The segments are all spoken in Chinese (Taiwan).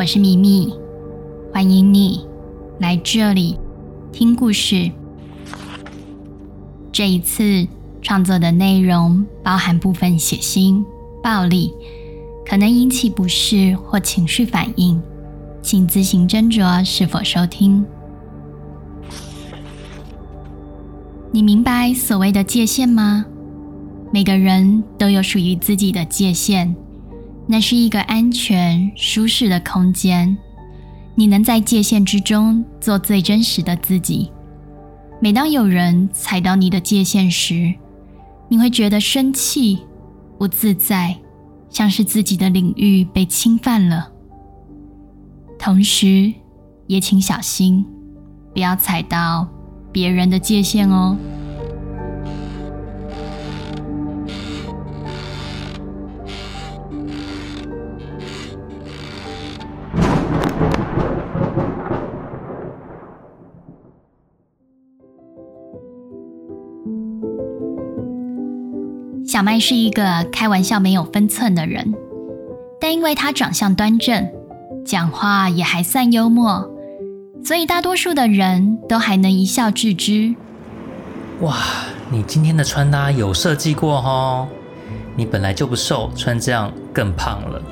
我是咪咪，歡迎你來這裡聽故事。這一次創作的內容包含部分血腥、暴力，可能引起不適或情緒反應，請自行斟酌是否收聽。你明白所謂的界線嗎？每個人都有屬於自己的界線。那是一個安全、舒適的空間，你能在界線之中做最真實的自己。每當有人踩到你的界線時，你會覺得生氣、不自在，像是自己的領域被侵犯了。同時，也請小心，不要踩到別人的界線哦。小麥是一個開玩笑沒有分寸的人，但因為他長相端正，講話也還算幽默，所以大多數的人都還能一笑置之。哇，你今天的穿搭有設計過哦？你本來就不瘦，穿這樣更胖了。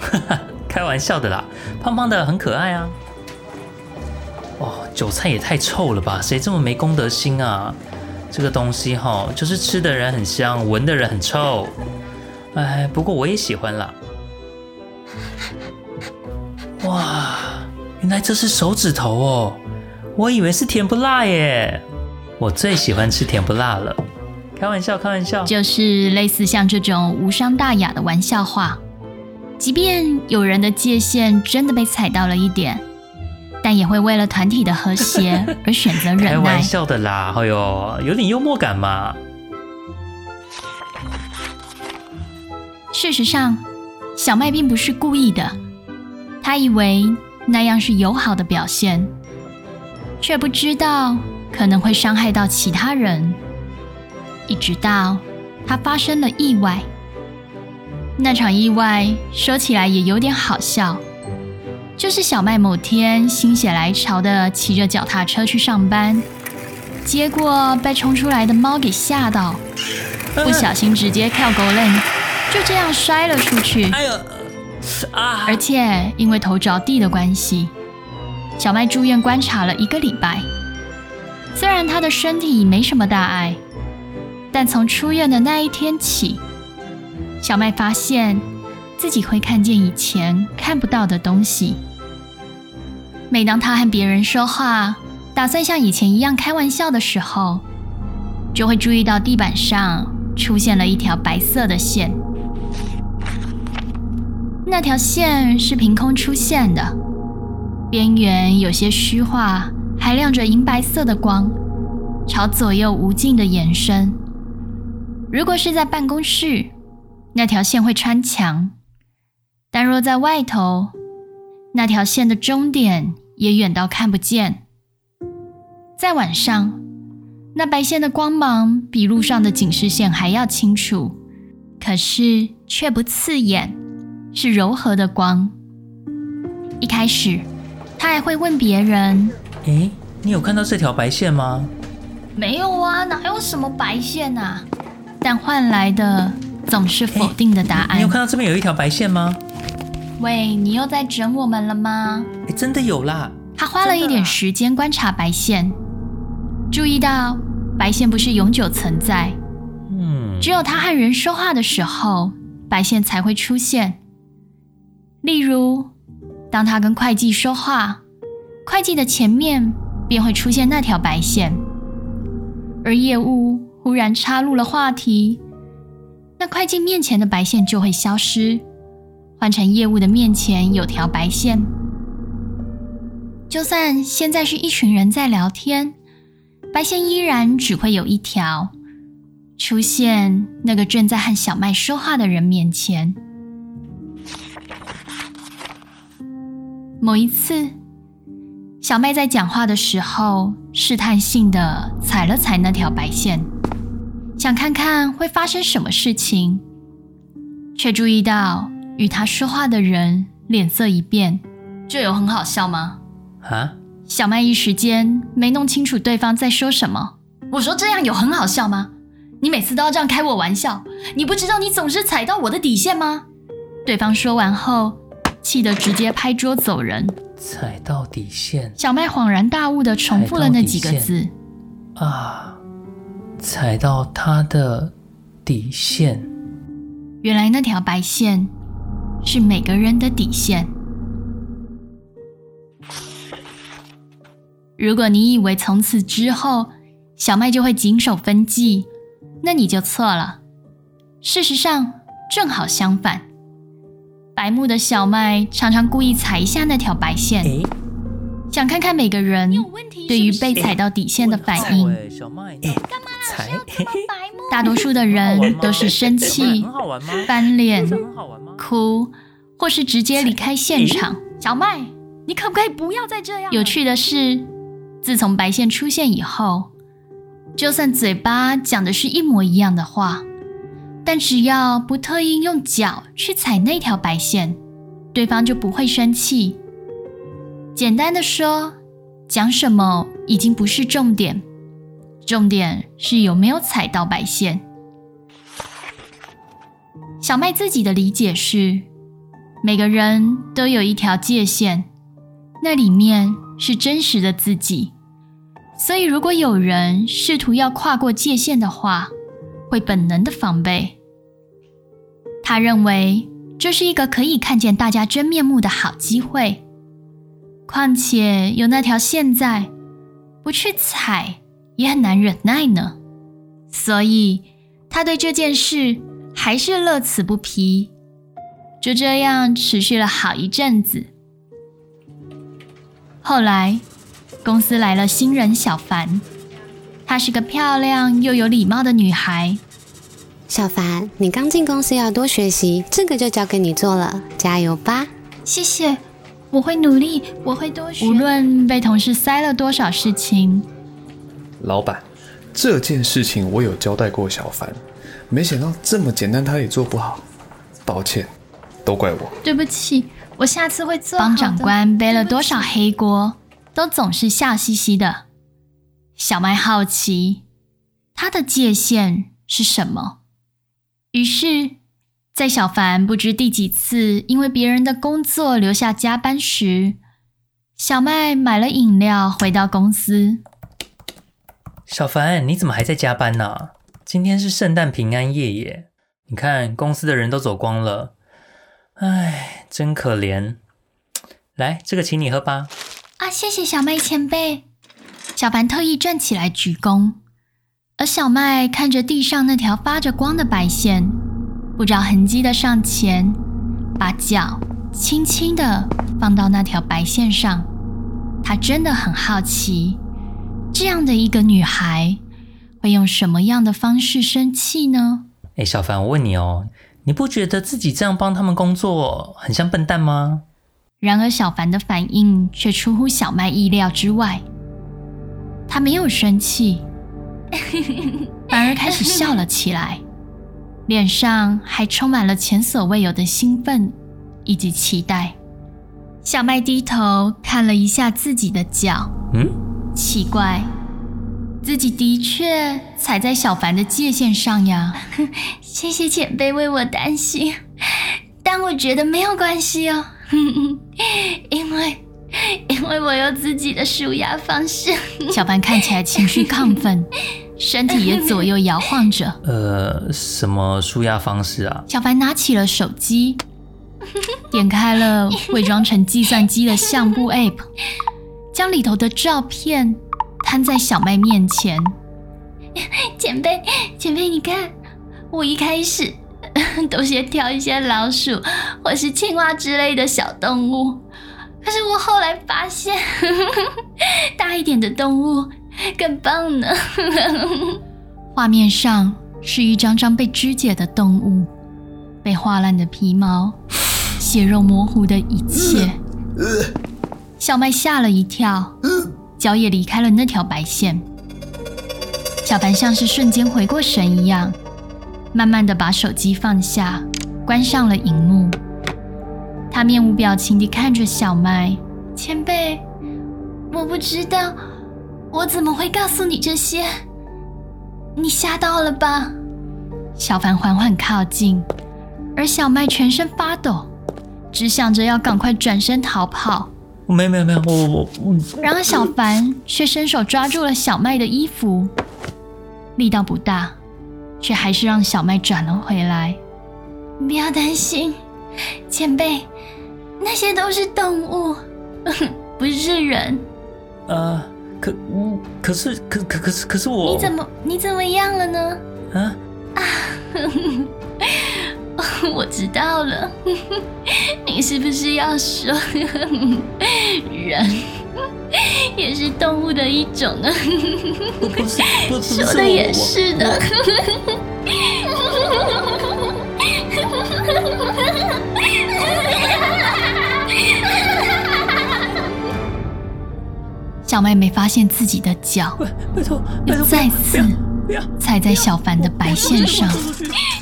開玩笑的啦，胖胖的很可愛啊。哦，韭菜也太臭了吧？誰這麼沒公德心啊？這個東西哈、哦，就是吃的人很香，聞的人很臭。哎，不過我也喜歡啦。哇，原來這是手指頭哦，我以為是甜不辣耶。我最喜歡吃甜不辣了。開玩笑，開玩笑。就是類似像這種無傷大雅的玩笑話，即便有人的界限真的被踩到了一點。但也會為了團體的和諧而選擇忍耐。 開玩笑的啦，哎呦，有點幽默感嘛。事實上，小麥並不是故意的，他以為那樣是友好的表現，卻不知道可能會傷害到其他人。一直到他發生了意外，那場意外說起來也有點好笑。就是小麥某天心血來潮的騎着腳踏車去上班，結果被衝出來的貓給嚇到，不小心直接跳溝裡，就這樣摔了出去。而且因為頭着地的關係，小麥住院觀察了一個禮拜。雖然他的身體沒什麼大礙，但從出院的那一天起，小麥發現。自己會看見以前看不到的東西。每當他和別人說話，打算像以前一樣開玩笑的時候，就會注意到地板上出現了一條白色的線。那條線是憑空出現的，邊緣有些虛化，還亮着銀白色的光，朝左右無盡的延伸。如果是在辦公室，那條線會穿牆。但若在外頭，那條線的終點也遠到看不見。在晚上，那白線的光芒比路上的警示線還要清楚，可是卻不刺眼，是柔和的光。一開始，他還會問別人：“哎、欸，你有看到這條白線嗎？”“沒有啊，哪有什麼白線啊？”但換來的總是否定的答案。欸、你，你有看到這邊有一條白線嗎？喂，你又在整我們了嗎？欸，真的有啦，他花了一點時間觀察白線，啊、注意到白線不是永久存在、嗯，只有他和人說話的時候，白線才會出現。例如，當他跟會計說話，會計的前面便會出現那條白線，而業務忽然插入了話題，那會計面前的白線就會消失。換成業務的面前有條白線，就算現在是一群人在聊天，白線依然只會有一條，出現那個正在和小麥說話的人面前。某一次，小麥在講話的時候試探性的踩了踩那條白線，想看看會發生什麼事情，卻注意到。與他說話的人臉色一變，這有很好笑嗎？啊！小麥一時間沒弄清楚對方在說什麼。我說這樣有很好笑嗎？你每次都要這樣開我玩笑，你不知道你總是踩到我的底線嗎？對方說完後，氣得直接拍桌走人。踩到底線。小麥恍然大悟地重複了那幾個字。啊！踩到他的底線。原來那條白線。是每個人的底線。如果你以為從此之後小麥就會謹守分際，那你就錯了。事實上，正好相反，白目的小麥常常故意踩一下那條白線，想看看每個人對於被踩到底線的反應。大多數的人都是生氣、 翻臉、 哭，或是直接離開現場。小麥，你可不可以不要再這樣啊？有趣的是，自從白線出現以後，就算嘴巴講的是一模一樣的話，但只要不特意用腳去踩那條白線，對方就不會生氣。簡單的說，講什麼已經不是重點。重點是有沒有踩到白線。小麥自己的理解是，每個人都有一條界線，那裡面是真實的自己。所以，如果有人試圖要跨過界線的話，會本能的防備。他認為這是一個可以看見大家真面目的好機會。況且有那條線在，不去踩。也很難忍耐呢，所以他對這件事還是樂此不疲。就這樣持續了好一陣子。後來，公司來了新人小凡，她是個漂亮又有禮貌的女孩。小凡，你剛進公司要多學習，這個就交給你做了，加油吧！謝謝，我會努力，我會多學。無論被同事塞了多少事情。老闆，這件事情我有交代過小凡，沒想到這麼簡單他也做不好。抱歉，都怪我，對不起，我下次會做。幫長官背了多少黑鍋，都總是笑嘻嘻的。小麥好奇，他的界線是什麼？於是，在小凡不知第幾次因為別人的工作留下加班時，小麥買了飲料回到公司。小凡，你怎麼還在加班呢、啊？今天是聖誕平安夜耶！你看公司的人都走光了，哎，真可憐。來，這個請你喝吧。啊，謝謝小麥前輩。小凡特意站起來鞠躬，而小麥看着地上那條發着光的白線，不着痕跡的上前，把腳輕輕的放到那條白線上。他真的很好奇。這樣的一個女孩會用什麼樣的方式生氣呢？誒、欸，小凡，我問你哦，你不覺得自己這樣幫他們工作很像笨蛋嗎？然而，小凡的反應卻出乎小麥意料之外，他沒有生氣，反而開始笑了起來， 臉上還充滿了前所未有的興奮以及期待。小麥低頭看了一下自己的腳，嗯。奇怪，自己的確踩在小凡的界線上呀？謝謝前輩為我擔心，但我覺得沒有關係哦，因為因為我有自己的舒壓方式。小凡看起來情緒亢奮，身體也左右搖晃着。呃，什麼舒壓方式啊？小凡拿起了手機，點開了偽裝成計算機的相簿 App。將裡頭的照片攤在小麥面前。前輩，前輩，你看，我一開始都先挑一些老鼠或是青蛙之類的小動物，可是我後來發現，呵呵，大一點的動物更棒呢呵呵。畫面上是一張張被肢解的動物，被劃爛的皮毛，血肉模糊的一切。嗯嗯小麥嚇了一跳，腳也離開了那條白線。小凡像是瞬間回過神一樣，慢慢的把手機放下，關上了熒幕。他面無表情地看着小麥：「前輩，我不知道，我怎麼會告訴你這些？你嚇到了吧？」小凡緩緩靠近，而小麥全身發抖，只想着要趕快轉身逃跑。沒有沒有沒有，我我我。然後小凡卻伸手抓住了小麥的衣服，力道不大，卻還是讓小麥轉了回來。不要擔心，前輩，那些都是動物，不是人。啊，可，可是，可可可是可是我，你怎麼，你怎麼樣了呢？啊啊。呵呵我知道了，你是不是要說人也是動物的一種呢？說的也是的。小妹妹發現自己的腳又再次踩在小凡的白線上。hire ama puis lord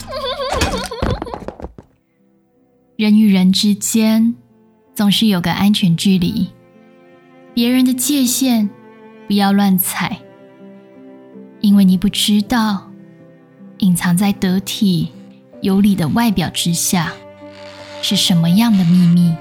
人與人之間總是有個安全距離，別人的界線不要亂踩，因為你不知道隱藏在得體有禮的外表之下是什麼樣的秘密。